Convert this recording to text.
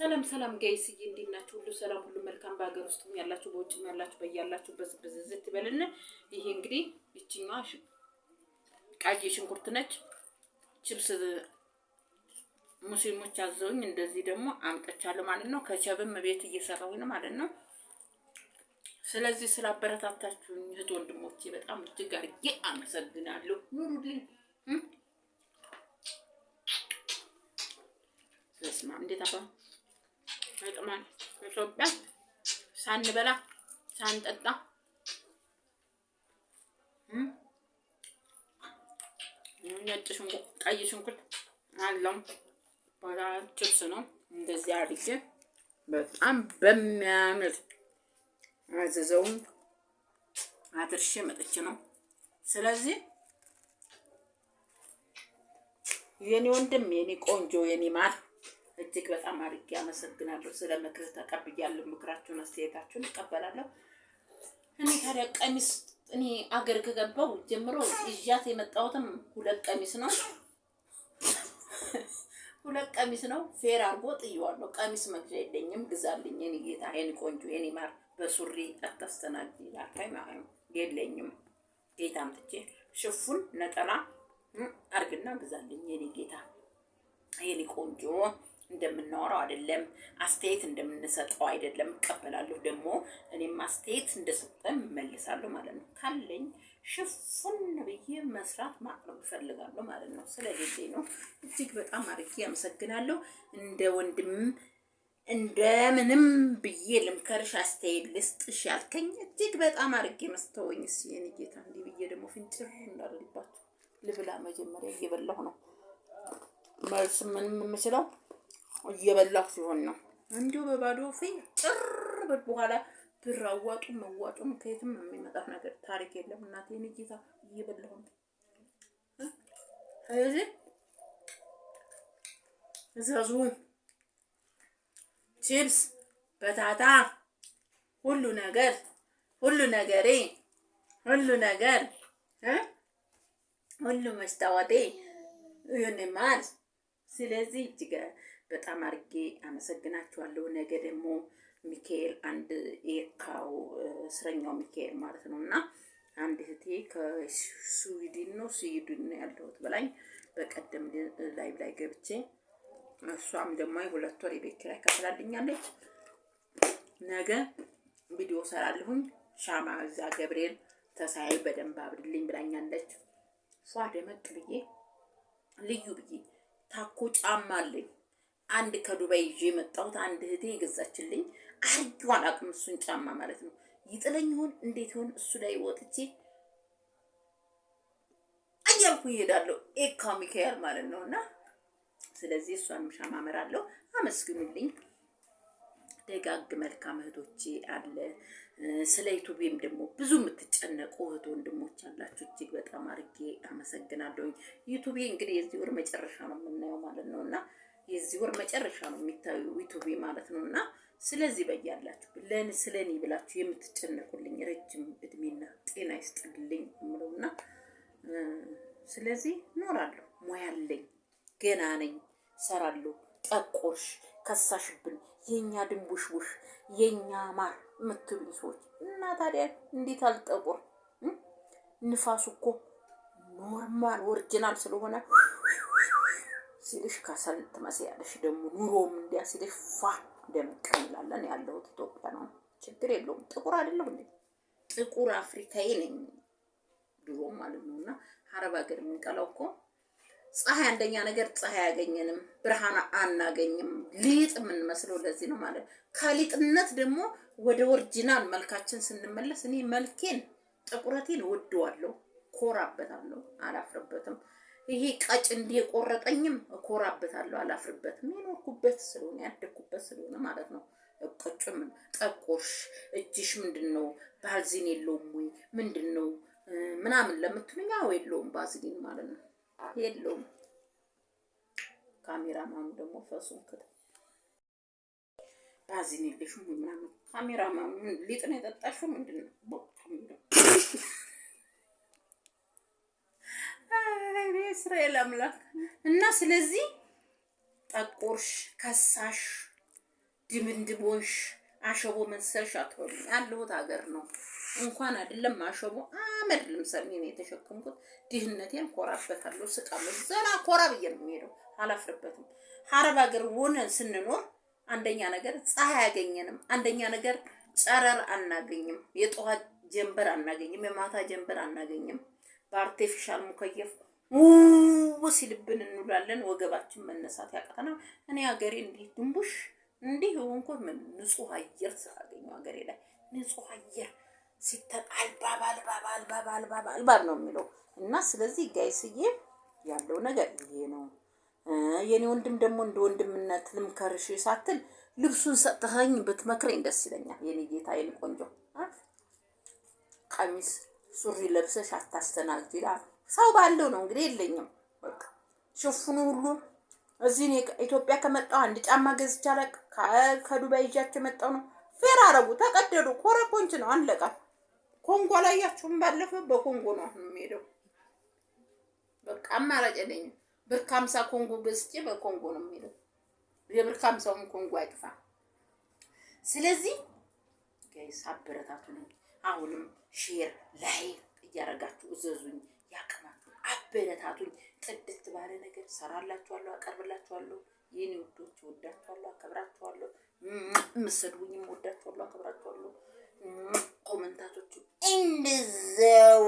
ሰላም ሰላም ጋይስዬ እንዴት ናችሁ? ሁሉ ሰላም፣ ሁሉ መልካም። በሀገር ውስጥም ያላችሁ በውጭም ያላችሁ በያላችሁ በዝብዝዝት ይበልን። ይሄ እንግዲህ ይችኛዋ ቀይ ሽንኩርት ነች። ችብስ ሙስሊሞች አዘውኝ እንደዚህ ደግሞ አምጠቻለሁ ማለት ነው። ከቸብም ቤት እየሰራሁኝ ማለት ነው። ስለዚህ ስላበረታታችሁኝ እህት ወንድሞቼ በጣም እጅግ አድርጌ አመሰግናለሁ። ኑሩልኝ ስማ እንዴት አባ ይጠቅማል። ኢትዮጵያ ሳንበላ ሳንጠጣ ነጭ ሽንኩርት፣ ቀይ ሽንኩርት አለው በኋላ ችብስ ነው እንደዚህ አድርጌ በጣም በሚያምር አዘዘውም አድርሼ መጥቼ ነው። ስለዚህ የኔ ወንድም የኔ ቆንጆ የኔ ማር እጅግ በጣም አድርጌ አመሰግናለሁ። ስለ ምክር ተቀብያለሁ። ምክራችሁን፣ አስተያየታችሁን እቀበላለሁ። እኔ ታዲያ ቀሚስ እኔ አገር ከገባው ጀምሮ ይዣት የመጣሁትም ሁለት ቀሚስ ነው። ሁለት ቀሚስ ነው። ፌር አድርጎ ጥየዋለሁ። ቀሚስ መግዣ የለኝም፣ ግዛልኝ የኔ ጌታ፣ የኔ ቆንጆ፣ የኔ ማር። በሱሪ አታስተናግድ ይላካይ ማለት ነው። የለኝም ጌታ፣ አምጥቼ ሽፉን ነጠላ አርግና ግዛልኝ የኔ ጌታ፣ የኔ ቆንጆ እንደምናወራው አይደለም፣ አስተያየት እንደምንሰጠው አይደለም። እቀበላለሁ ደግሞ እኔም አስተያየት እንደሰጠ እመልሳለሁ ማለት ነው። ካለኝ ሽፉን ብዬ መስራት ማቅረብ እፈልጋለሁ ማለት ነው። ስለሌሌ ነው። እጅግ በጣም አድርጌ አመሰግናለሁ። እንደ ወንድም እንደ ምንም ብዬ ልምከርሽ፣ አስተያየት ልስጥሽ ያልከኝ እጅግ በጣም አድርጌ መስተወኝ ስየን ጌታ እንዲህ ብዬ ደግሞ ፍንጭር እንዳደርግባቸው ልብላ። መጀመሪያ እየበላሁ ነው መልስ ምንም የምችለው እየበላሁ ሲሆን ነው። እንዲሁ በባዶ ፊ ጭር በኋላ ብር አዋጡም መዋጡም ከየትም የሚመጣ ነገር ታሪክ የለም። እናቴ ንጌታ እየበላሁ ነው። ስለዚህ እዛዙ ቺፕስ፣ በታታ፣ ሁሉ ነገር ሁሉ ነገሬ ሁሉ ነገር ሁሉ መስታወቴ ይሁን ማለት ስለዚህ እጅግ በጣም አርጌ አመሰግናችኋለሁ። ነገ ደግሞ ሚካኤል አንድ የካው እስረኛው ሚካኤል ማለት ነው እና አንድ እህቴ ከስዊድን ነው ስዊድን ነው ያለሁት በላኝ በቀደም ላይ ላይ ገብቼ እሷም ደግሞ የሁለት ወር የቤት ኪራይ ከፍላልኛለች። ነገ ቪዲዮ ሰራለሁኝ። ሻማ እዛ ገብርኤል ተሳይ በደንብ አብርልኝ ብላኛለች። ፏ ደመቅ ብዬ ልዩ ብዬ ታኮ ጫማ አለኝ አንድ ከዱባይ ይዤ የመጣሁት አንድ እህቴ የገዛችልኝ አርጊው አላውቅም። እሱን ጫማ ማለት ነው። ይጥለኝ ይሆን እንዴት ይሆን? እሱ ላይ ወጥቼ እያልኩ ይሄዳለሁ። ኤካ ሚካኤል ማለት ነው። እና ስለዚህ እሷን ምሻ ማመራለሁ። አመስግኑልኝ ደጋግ መልካም እህቶቼ አለ። ስለ ዩቱቤም ደግሞ ብዙ የምትጨነቁ እህት ወንድሞች ያላችሁ እጅግ በጣም አድርጌ አመሰግናለሁኝ። ዩቱቤ እንግዲህ የዚህ ወር መጨረሻ ነው የምናየው ማለት ነው እና የዚህ ወር መጨረሻ ነው የሚታዩ ዩቱብ ማለት ነው። እና ስለዚህ በያላችሁ ለን ስለኒ ብላችሁ የምትጨነቁልኝ ረጅም እድሜና ጤና ይስጥልኝ የምለው እና ስለዚህ እኖራለሁ። ሞያለኝ፣ ገና ነኝ፣ ሰራለሁ ጠቆርሽ፣ ከሳሽብን፣ የእኛ ድንቡሽቡሽ፣ የእኛ ማር የምትሉኝ ሰዎች እና ታዲያ እንዴት አልጠቁር? ንፋሱ እኮ ኖርማል ኦሪጂናል ስለሆነ ሲልሽ ከሰል ትመስያለሽ። ደግሞ ኑሮም እንዲያ ሲልሽ ፋ ደመቅ እንላለን። ያለሁት ኢትዮጵያ ነው፣ ችግር የለውም። ጥቁር አይደለሁ እንዴ? ጥቁር አፍሪካዊ ነኝ ድሮም ማለት ነው። እና ሀረብ ሀገር የምንቀላው እኮ ፀሐይ፣ አንደኛ ነገር ፀሐይ አያገኘንም፣ ብርሃን አናገኝም። ሊጥ የምንመስለው ለዚህ ነው ማለት ከሊጥነት ደግሞ ወደ ወርጅናል መልካችን ስንመለስ እኔ መልኬን ጥቁረቴን ወደዋለሁ፣ ኮራበታለሁ፣ አላፍርበትም። ይሄ ቀጭ እንደቆረጠኝም እኮራበታለሁ፣ አላፍርበትም። የኖርኩበት ስለሆነ ያደግኩበት ስለሆነ ማለት ነው። ቀጭም ጠቆርሽ፣ እጅሽ ምንድን ነው? ባዝሊን የለውም ወይ ምንድን ነው ምናምን ለምትሉኝ፣ አዎ የለውም፣ ባልዚን ማለት ነው የለውም። ካሜራማኑ ደግሞ ፈሱን ክት ባዝሊን የለሽም ወይ ምናምን። ካሜራማኑ ሊጥ ነው የጠጣሽው ምንድን ነው? የእስራኤል አምላክ እና ስለዚህ ጠቆርሽ፣ ከሳሽ፣ ድምንድቦሽ፣ አሸቦ መሰልሽ አትሆኝ። ያለሁት ሀገር ነው። እንኳን አይደለም አሸቦ አመድ ልምሰል ነው የተሸከምኩት። ድህነቴን ኮራበታለሁ፣ ስቃለሁ፣ ዘና ኮራ ብዬ ነው የሚሄደው። አላፍርበትም። ሀረብ ሀገር ሆነ ስንኖር አንደኛ ነገር ፀሐይ አያገኘንም። አንደኛ ነገር ጨረር አናገኝም። የጠዋት ጀንበር አናገኝም። የማታ ጀንበር አናገኝም። በአርቴፊሻል ሙከየፍ ውው ሲልብን እንውላለን። ወገባችን መነሳት ያቀተናል። እኔ ሀገሬ እንዲህ ድንቡሽ እንዲህ ሆንኮ ምን ንጹህ አየር ስላገኘሁ ሀገሬ ላይ ንጹህ አየር ሲተን አልባብ አልባብ አልባብ አልባብ አልባብ ነው የሚለው እና ስለዚህ ጋይስዬ ያለው ነገር ይሄ ነው። የኔ ወንድም ደግሞ እንደ ወንድምነት ልምከርሽ ሳትል ልብሱን ሰጥኸኝ ብትመክረኝ ደስ ይለኛል። የኔ ጌታ የኔ ቆንጆ ቀሚስ ሱሪ ለብሰሽ አታስተናግድ ይላል። ሰው ባለው ነው እንግዲህ የለኝም። በቃ ሽፍኑ ሁሉ እዚህ ኢትዮጵያ ከመጣሁ አንድ ጫማ ገዝቼ አለቅ ከዱባይ ይዣቸው የመጣሁ ነው። ፌር አረቡ ተቀደዱ። ኮረኮንች ነው አለቃ። ኮንጎ ላይ አላያችሁም? ባለፈ በኮንጎ ነው አሁን የሚሄደው። በቃ አማራጭ የለኝም። ብር ከሀምሳ ኮንጎ ገዝቼ በኮንጎ ነው የሚሄደው። የብር ከሀምሳውን ኮንጎ አይጥፋ። ስለዚህ አበረታቱ። አሁንም ሼር ላይ እያረጋችሁ እዘዙኝ። ያቅማቱ፣ አበረታቱኝ። ጥድት ባለ ነገር ሰራላችኋለሁ፣ አቀርብላችኋለሁ። ይህን ውዶች ወዳችኋለሁ፣ አከብራችኋለሁ። የምትሰድቡኝም ወዳችኋለሁ፣ አከብራችኋለሁ። ኮመንታቶቹ እንደዛው